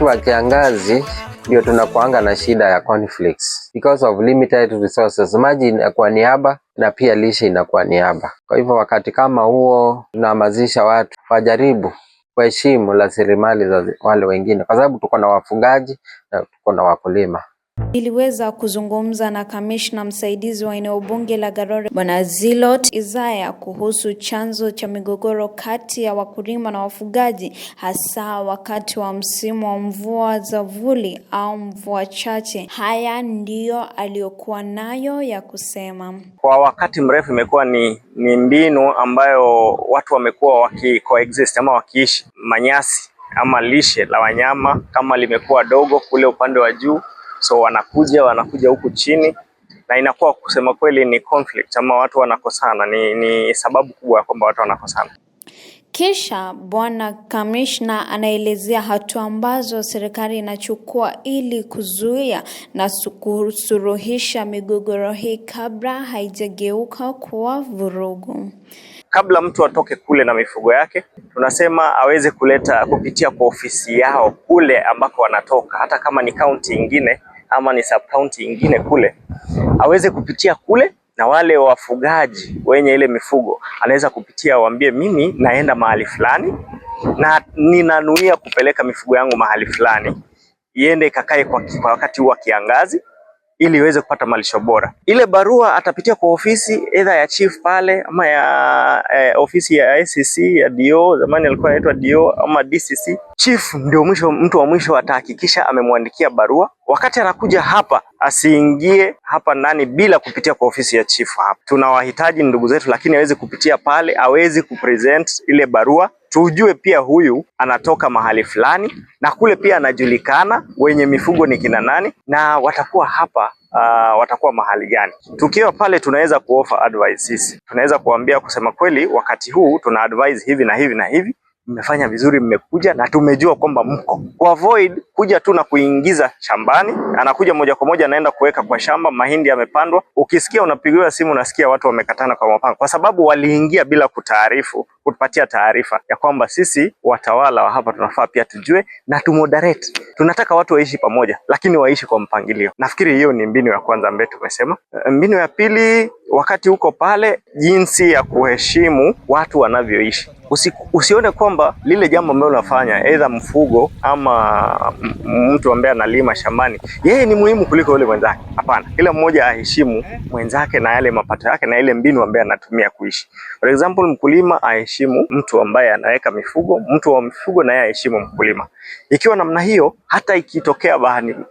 Wakati wa kiangazi ndio tunakuanga na shida ya conflicts because of limited resources. Maji inakuwa niaba na pia lishe inakuwa niaba. Kwa hivyo wakati kama huo tunahamasisha watu wajaribu kuheshimu rasilimali za wale wengine, kwa sababu tuko na wafugaji na tuko na wakulima iliweza kuzungumza na kamishna msaidizi wa eneo bunge la Garore Bwana Zilot Isaya kuhusu chanzo cha migogoro kati ya wakulima na wafugaji hasa wakati wa msimu wa mvua za vuli au mvua chache. Haya ndiyo aliyokuwa nayo ya kusema. Kwa wakati mrefu imekuwa ni, ni mbinu ambayo watu wamekuwa waki coexist ama wakiishi manyasi ama lishe la wanyama kama limekuwa dogo kule upande wa juu So wanakuja wanakuja huku chini na inakuwa kusema kweli ni conflict ama watu wanakosana, ni, ni sababu kubwa ya kwamba watu wanakosana. Kisha bwana kamishna anaelezea hatua ambazo serikali inachukua ili kuzuia na kusuruhisha migogoro hii kabla haijageuka kuwa vurugu. Kabla mtu atoke kule na mifugo yake, tunasema aweze kuleta kupitia kwa ofisi yao kule ambako wanatoka, hata kama ni kaunti nyingine ama ni sub county ingine kule, aweze kupitia kule, na wale wafugaji wenye ile mifugo anaweza kupitia, waambie mimi naenda mahali fulani na ninanuia kupeleka mifugo yangu mahali fulani, iende ikakae kwa, kwa wakati huu wa kiangazi ili iweze kupata malisho bora. Ile barua atapitia kwa ofisi edha ya chief pale ama ya eh, ofisi ya ICC ya DO, zamani alikuwa anaitwa DO ama DCC chifu ndio mwisho, mtu wa mwisho atahakikisha amemwandikia barua. Wakati anakuja hapa, asiingie hapa ndani bila kupitia kwa ofisi ya chifu. Hapa tunawahitaji ndugu zetu, lakini awezi kupitia pale, awezi kupresent ile barua tujue pia huyu anatoka mahali fulani na kule pia anajulikana, wenye mifugo ni kina nani na watakuwa hapa uh, watakuwa mahali gani. Tukiwa pale tunaweza kuofa advice sisi, tunaweza kuambia kusema kweli, wakati huu tuna advise hivi na hivi na hivi mmefanya vizuri, mmekuja na tumejua kwamba mko kuavoid kuja tu na kuingiza shambani. Anakuja moja kwa moja anaenda kuweka kwa shamba, mahindi yamepandwa. Ukisikia unapigiwa simu, unasikia watu wamekatana kwa mapanga, kwa sababu waliingia bila kutaarifu kutupatia taarifa ya kwamba sisi watawala wa hapa tunafaa pia tujue na tumoderate. Tunataka watu waishi pamoja, lakini waishi kwa mpangilio. Nafikiri hiyo ni mbinu ya kwanza ambayo tumesema. Eh, mbinu ya pili, wakati uko pale, jinsi ya kuheshimu watu wanavyoishi. Usi, usione kwamba lile jambo ambalo unafanya aidha mfugo ama mtu ambaye analima shambani yeye ni muhimu kuliko yule mwenzake. Hapana, kila mmoja aheshimu mwenzake na yale mapato yake na ile mbinu ambaye anatumia kuishi. For example, mkulima aheshimu aheshimu mtu ambaye anaweka mifugo, mtu wa mifugo naye aheshimu mkulima. Ikiwa namna hiyo, hata ikitokea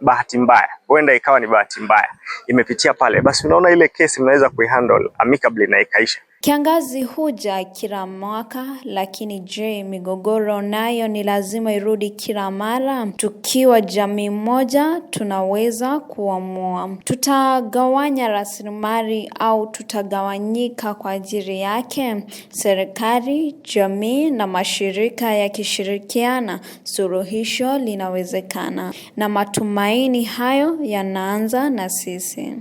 bahati mbaya, huenda ikawa ni bahati mbaya imepitia pale, basi unaona ile kesi mnaweza kuihandle amicably na ikaisha. Kiangazi huja kila mwaka lakini je, migogoro nayo ni lazima irudi kila mara? Tukiwa jamii moja tunaweza kuamua tutagawanya rasilimali au tutagawanyika kwa ajili yake? Serikali, jamii na mashirika yakishirikiana, suluhisho linawezekana na matumaini hayo yanaanza na sisi.